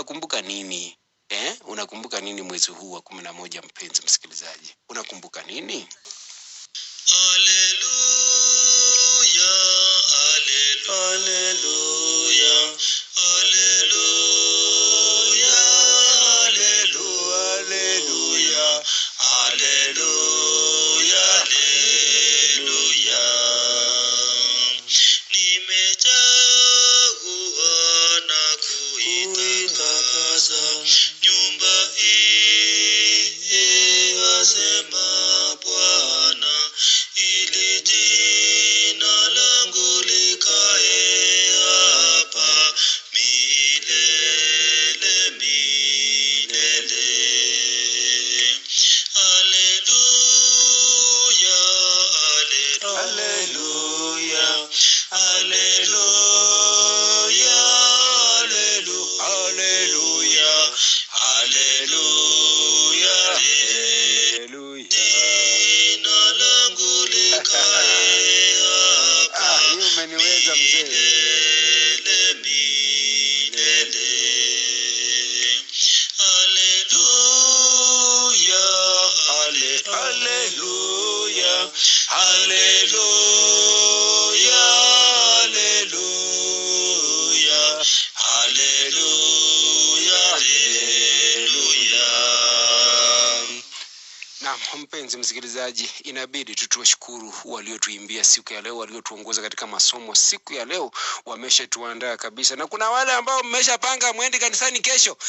unakumbuka nini eh? Unakumbuka nini mwezi huu wa kumi na moja, mpenzi msikilizaji, unakumbuka nini? Hallelujah, hallelujah, hallelujah. Mpenzi msikilizaji, inabidi tutuwashukuru waliotuimbia siku ya leo, waliotuongoza katika masomo siku ya leo, wameshatuandaa kabisa, na kuna wale ambao mmeshapanga mwendi kanisani kesho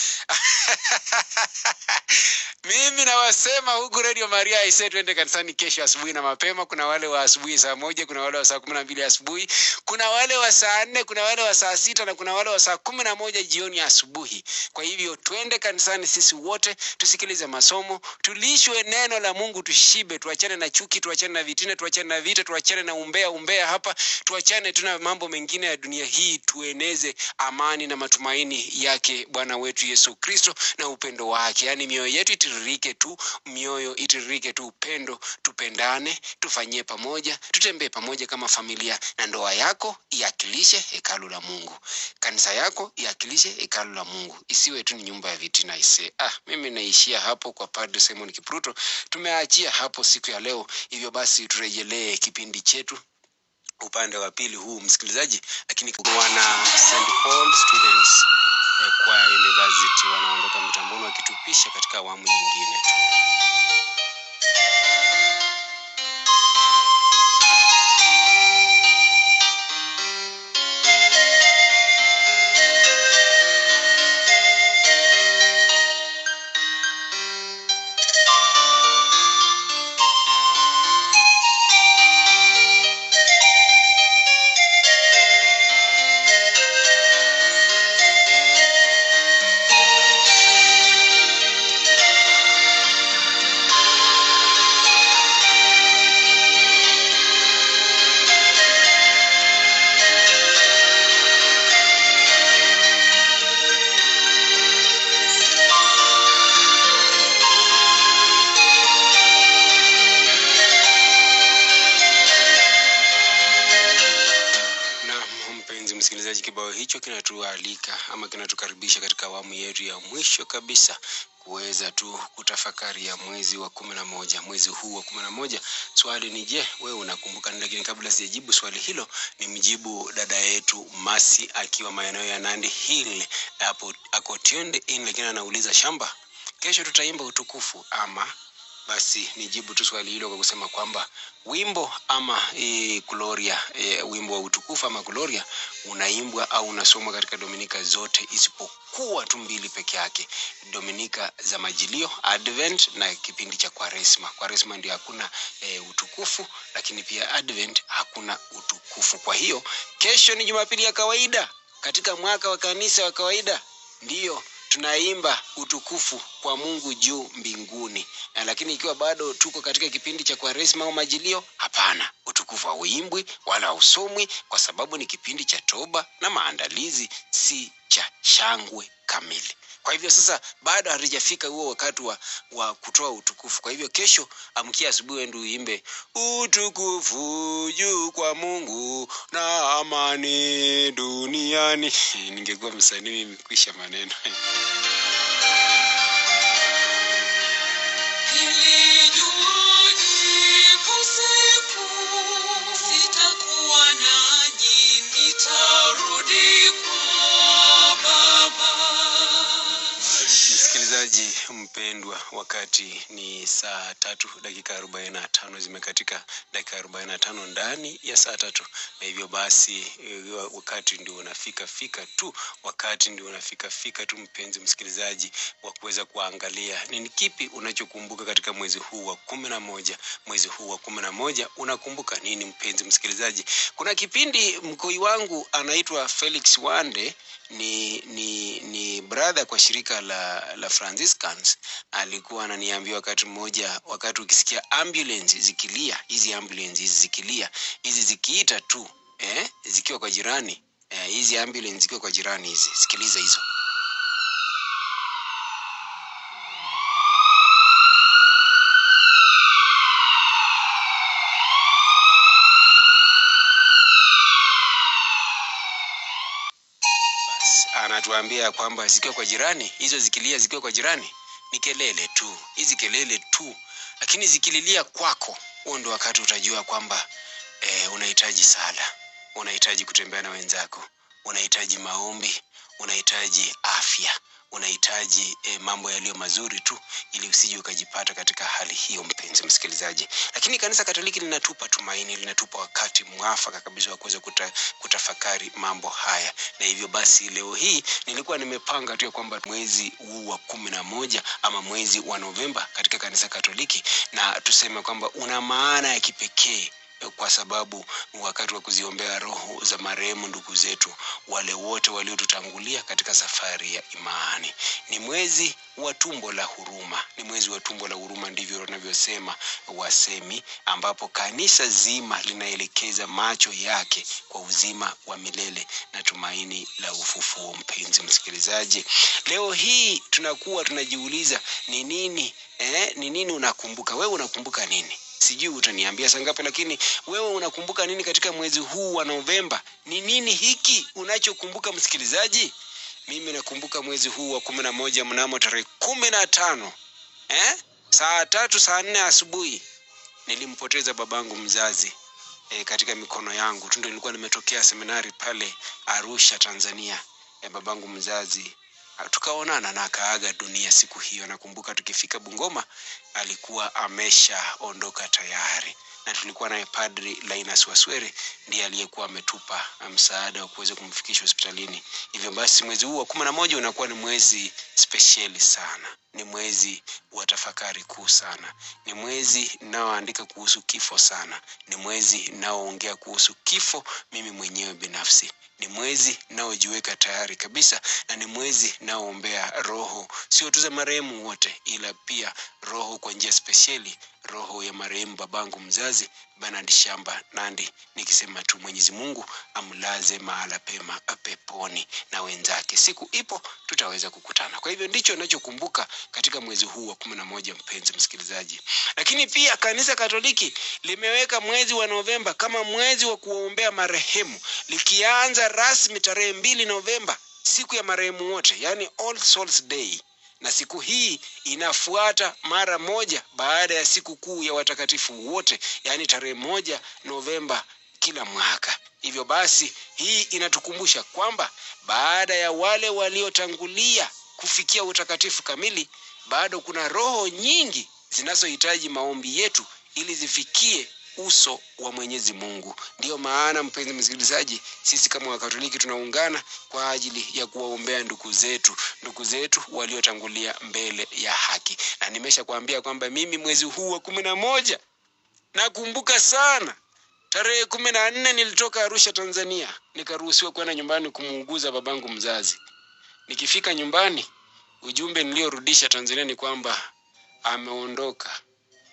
mimi nawasema huku Radio Maria aise, tuende kanisani kesho asubuhi na mapema. Kuna wale wa asubuhi saa moja, kuna wale wa saa kumi na mbili asubuhi, kuna wale wa saa nne, kuna wale wa saa sita na kuna wale wa saa kumi na moja jioni asubuhi. Kwa hivyo twende kanisani sisi wote, tusikilize masomo, tulishwe neno la Mungu, tushibe, tuachane na chuki, tuachane na vitine, tuachane na vita, tuachane na umbea umbea hapa, tuachane tuna mambo mengine ya dunia hii, tueneze amani na matumaini yake Bwana wetu Yesu Kristo na upendo wake, yaani mioyo yetu itiririke tu, mioyo itiririke tu, upendo, tupendane, tufanyie pamoja, tutembee pamoja kama familia, na ndoa yako iakilishe hekalu la Mungu, kanisa yako iakilishe hekalu la Mungu, isiwe tu ni nyumba ya na Ise ah, mimi naishia hapo kwa Padre Simon Kipruto, tumeachia hapo siku ya leo. Hivyo basi turejelee kipindi chetu upande wa pili huu msikilizaji, lakini wana St Paul students kwa University wanaondoka mtamboni wakitupisha katika awamu nyingine tu. hicho kinatualika ama kinatukaribisha katika awamu yetu ya mwisho kabisa kuweza tu kutafakari ya mwezi wa kumi na moja, mwezi huu wa kumi na moja. Swali ni je, wewe unakumbuka? Lakini kabla sijajibu swali hilo, ni mjibu dada yetu Masi akiwa maeneo ya Nandi Hill, hapo ako tuned in, lakini anauliza shamba, kesho tutaimba utukufu ama basi nijibu tu swali hilo kwa kusema kwamba wimbo ama e, gloria e, wimbo wa utukufu ama gloria unaimbwa au unasomwa katika dominika zote isipokuwa tu mbili peke yake, dominika za majilio Advent na kipindi cha Kwaresma. Kwaresma ndio hakuna e, utukufu, lakini pia Advent hakuna utukufu. Kwa hiyo kesho ni Jumapili ya kawaida katika mwaka wa kanisa wa kawaida, ndiyo tunaimba utukufu kwa Mungu juu mbinguni. Na lakini ikiwa bado tuko katika kipindi cha Kwaresma au Majilio, hapana, utukufu hauimbwi wala hausomwi, kwa sababu ni kipindi cha toba na maandalizi, si cha shangwe kamili. Kwa hivyo sasa, bado hatujafika huo wakati wa, wa kutoa utukufu. Kwa hivyo kesho, amkia asubuhi, wendu uimbe utukufu juu kwa Mungu na amani duniani. Ningekuwa msanii mimi kwisha maneno Msikilizaji mpendwa, wakati ni saa tatu dakika arobaini na tano zimekatika dakika arobaini na tano ndani ya saa tatu, na hivyo basi eh, wakati ndio unafika fika tu, wakati ndio unafika fika tu, mpenzi msikilizaji, wa kuweza kuangalia nini kipi unachokumbuka katika mwezi huu wa kumi na moja. Mwezi huu wa kumi na moja unakumbuka nini, mpenzi msikilizaji? Kuna kipindi mkoi wangu anaitwa Felix Wande ni, ni, ni brother kwa shirika la, la Franciscans alikuwa ananiambia wakati mmoja, wakati ukisikia ambulance zikilia, hizi ambulance hizi zikilia, hizi zikiita tu eh, zikiwa kwa jirani eh, hizi ambulance zikiwa kwa jirani hizi, sikiliza hizo anatuambia kwamba zikiwa kwa jirani, hizo zikilia zikiwa kwa jirani ni kelele tu, hizi kelele tu, lakini zikililia kwako, huo ndio wakati utajua kwamba e, unahitaji sala, unahitaji kutembea na wenzako, unahitaji maombi, unahitaji afya unahitaji eh, mambo yaliyo mazuri tu ili usije ukajipata katika hali hiyo, mpenzi msikilizaji. Lakini kanisa Katoliki linatupa tumaini, linatupa wakati mwafaka kabisa wa kuweza kuta, kutafakari mambo haya, na hivyo basi leo hii nilikuwa nimepanga tu kwamba mwezi huu wa kumi na moja ama mwezi wa Novemba katika kanisa Katoliki, na tuseme kwamba una maana ya kipekee kwa sababu wakati wa kuziombea roho za marehemu ndugu zetu wale wote waliotutangulia katika safari ya imani. Ni mwezi wa tumbo la huruma, ni mwezi wa tumbo la huruma, ndivyo wanavyosema wasemi, ambapo kanisa zima linaelekeza macho yake kwa uzima wa milele na tumaini la ufufuo. Mpenzi msikilizaji, leo hii tunakuwa tunajiuliza ni nini eh, ni nini unakumbuka wewe, unakumbuka nini? sijui utaniambia saa ngapi, lakini wewe unakumbuka nini katika mwezi huu wa Novemba? Ni nini hiki unachokumbuka msikilizaji? Mimi nakumbuka mwezi huu wa kumi na moja mnamo tarehe kumi na tano eh? saa tatu saa nne asubuhi nilimpoteza babangu mzazi e, katika mikono yangu tu. Ndio nilikuwa nimetokea seminari pale Arusha, Tanzania. E, babangu mzazi tukaonana na akaaga dunia siku hiyo. Nakumbuka tukifika Bungoma alikuwa ameshaondoka tayari, na tulikuwa naye Padri Linus Waswere ndiye aliyekuwa ametupa um, msaada wa kuweza kumfikisha hospitalini. Hivyo basi mwezi huu wa kumi na moja unakuwa ni mwezi spesheli sana, ni mwezi wa tafakari kuu sana, ni mwezi naoandika kuhusu kifo sana, ni mwezi naoongea kuhusu kifo mimi mwenyewe binafsi ni mwezi naojiweka tayari kabisa na ni mwezi naoombea roho, sio tu za marehemu wote, ila pia roho kwa njia spesheli roho ya marehemu babangu mzazi Bernard Shamba Nandi, nikisema tu Mwenyezi Mungu amlaze mahala pema peponi na wenzake. Siku ipo tutaweza kukutana. Kwa hivyo ndicho ninachokumbuka katika mwezi huu wa kumi na moja, mpenzi msikilizaji. Lakini pia kanisa Katoliki limeweka mwezi wa Novemba kama mwezi wa kuombea marehemu, likianza rasmi tarehe mbili Novemba, siku ya marehemu wote, yani All Souls Day na siku hii inafuata mara moja baada ya siku kuu ya watakatifu wote, yaani tarehe moja Novemba kila mwaka. Hivyo basi, hii inatukumbusha kwamba baada ya wale waliotangulia kufikia utakatifu kamili, bado kuna roho nyingi zinazohitaji maombi yetu ili zifikie uso wa Mwenyezi Mungu. Ndiyo maana mpenzi msikilizaji, sisi kama Wakatoliki tunaungana kwa ajili ya kuwaombea ndugu zetu, ndugu zetu waliotangulia mbele ya haki, na nimeshakwambia kwamba mimi mwezi huu wa kumi na moja nakumbuka sana Tarehe kumi na nne nilitoka Arusha, Tanzania, nikaruhusiwa kwenda nyumbani kumuuguza babangu mzazi. Nikifika nyumbani, ujumbe niliorudisha Tanzania ni kwamba ameondoka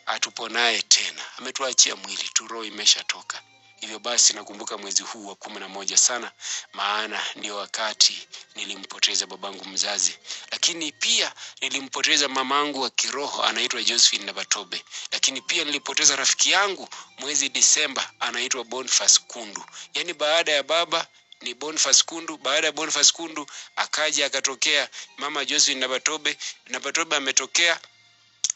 atuponaye tena. Ametuachia mwili tu, roho imeshatoka. Hivyo basi nakumbuka mwezi huu wa kumi na moja sana, maana ndio wakati nilimpoteza babangu mzazi, lakini pia nilimpoteza mamangu wa kiroho anaitwa Josephine Nabatobe, lakini pia nilipoteza rafiki yangu mwezi Disemba anaitwa Boniface Kundu. Yaani baada ya baba ni Boniface Kundu. Baada ya Boniface Kundu akaja akatokea mama Josephine Nabatobe. Nabatobe ametokea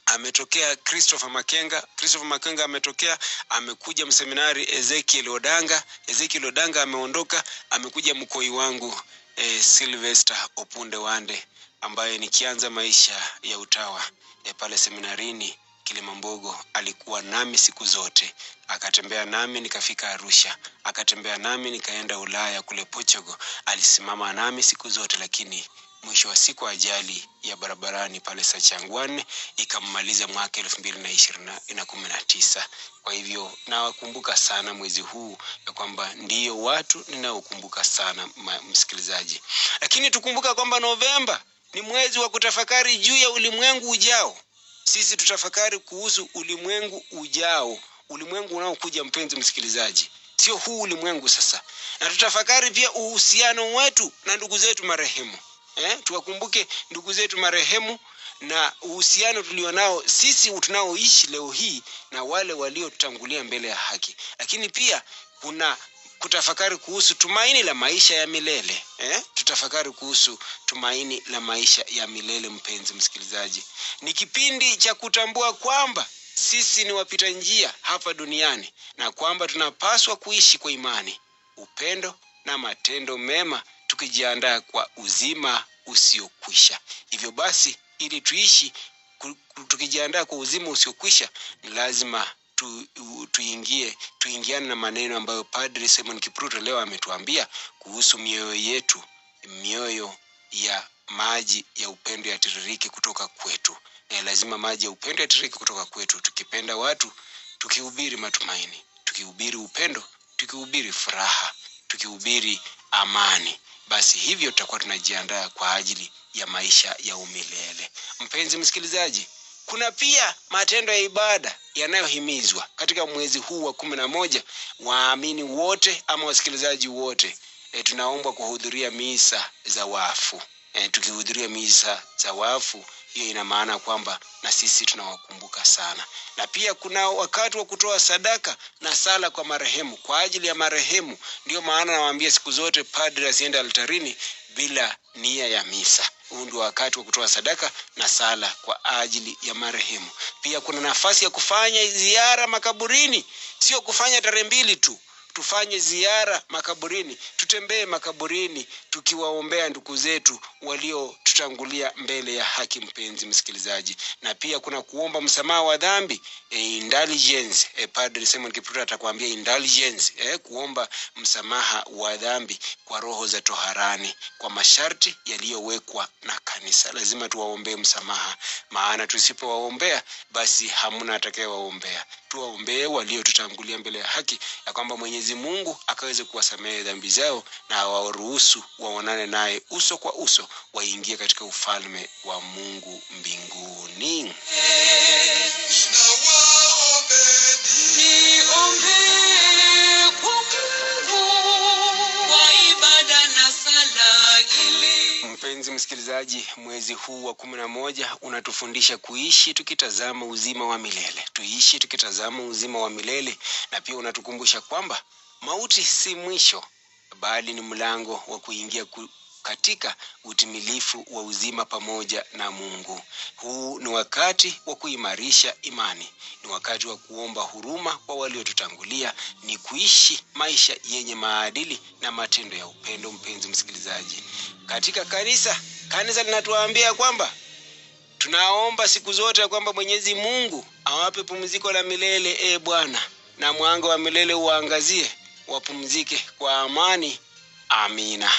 ametokea Christopher Makenga. Christopher Makenga ametokea, amekuja mseminari Ezekiel Odanga. Ezekiel Odanga ameondoka, amekuja mkoi wangu e, Sylvester Opunde Wande ambaye nikianza maisha ya utawa e, pale seminarini Kilimambogo alikuwa nami siku zote, akatembea nami nikafika Arusha, akatembea nami nikaenda Ulaya kule Portugal, alisimama nami siku zote, lakini Mwisho wa siku ajali ya barabarani pale Sachangwan ikammaliza mwaka elfu mbili na ishirini na kumi na tisa. Kwa hivyo nawakumbuka sana mwezi huu ya kwamba ndiyo watu ninaokumbuka sana msikilizaji, lakini tukumbuka kwamba Novemba ni mwezi wa kutafakari juu ya ulimwengu ujao. Sisi tutafakari kuhusu ulimwengu ujao, ulimwengu unaokuja, mpenzi msikilizaji, sio huu ulimwengu sasa, na tutafakari pia uhusiano wetu na ndugu zetu marehemu eh, tuwakumbuke ndugu zetu marehemu na uhusiano tulio nao sisi tunaoishi leo hii na wale waliotutangulia mbele ya haki, lakini pia kuna kutafakari kuhusu tumaini la maisha ya milele eh? Tutafakari kuhusu tumaini la maisha ya milele. Mpenzi msikilizaji, ni kipindi cha kutambua kwamba sisi ni wapita njia hapa duniani na kwamba tunapaswa kuishi kwa imani, upendo na matendo mema tukijiandaa kwa uzima usiokwisha. Hivyo basi, ili tuishi tukijiandaa kwa uzima usiokwisha, ni lazima tu, tuingie tuingiane na maneno ambayo Padri Simon Kipruto leo ametuambia kuhusu mioyo yetu, mioyo ya maji ya upendo yatiririke kutoka kwetu. E, lazima maji ya upendo yatiririke kutoka kwetu, tukipenda watu, tukihubiri matumaini, tukihubiri upendo, tukihubiri furaha, tukihubiri amani basi hivyo tutakuwa tunajiandaa kwa ajili ya maisha ya umilele. Mpenzi msikilizaji, kuna pia matendo ya ibada yanayohimizwa katika mwezi huu wa kumi na moja. Waamini wote ama wasikilizaji wote e, tunaombwa kuhudhuria misa za wafu e, tukihudhuria misa za wafu hiyo ina maana kwamba na sisi tunawakumbuka sana. Na pia kuna wakati wa kutoa sadaka na sala kwa marehemu, kwa ajili ya marehemu. Ndiyo maana nawaambia siku zote padri asiende altarini bila nia ya misa. Huu ndio wakati wa kutoa sadaka na sala kwa ajili ya marehemu. Pia kuna nafasi ya kufanya ziara makaburini, sio kufanya tarehe mbili tu tufanye ziara makaburini, tutembee makaburini tukiwaombea ndugu zetu waliotutangulia mbele ya haki, mpenzi msikilizaji. Na pia kuna kuomba msamaha wa dhambi e, indulgence e, Padre Simon Kipruta atakwambia indulgence e, kuomba msamaha wa dhambi kwa roho za toharani kwa masharti yaliyowekwa na kanisa. Lazima tuwaombee msamaha, maana tusipowaombea basi hamna atakayewaombea tuwaombee waliotutangulia mbele ya haki, ya kwamba Mwenyezi Mungu akaweze kuwasamehe dhambi zao na awaruhusu waonane naye uso kwa uso, waingie katika ufalme wa Mungu mbinguni. msikilizaji, mwezi huu wa kumi na moja unatufundisha kuishi tukitazama uzima wa milele, tuishi tukitazama uzima wa milele, na pia unatukumbusha kwamba mauti si mwisho, bali ni mlango wa kuingia ku katika utimilifu wa uzima pamoja na Mungu. Huu ni wakati wa kuimarisha imani, ni wakati wa kuomba huruma kwa waliotutangulia, ni kuishi maisha yenye maadili na matendo ya upendo. Mpenzi msikilizaji, katika kanisa Kanisa linatuambia kwamba tunaomba siku zote ya kwamba Mwenyezi Mungu awape pumziko la milele, e Bwana, na mwanga wa milele uwaangazie, wapumzike kwa amani. Amina.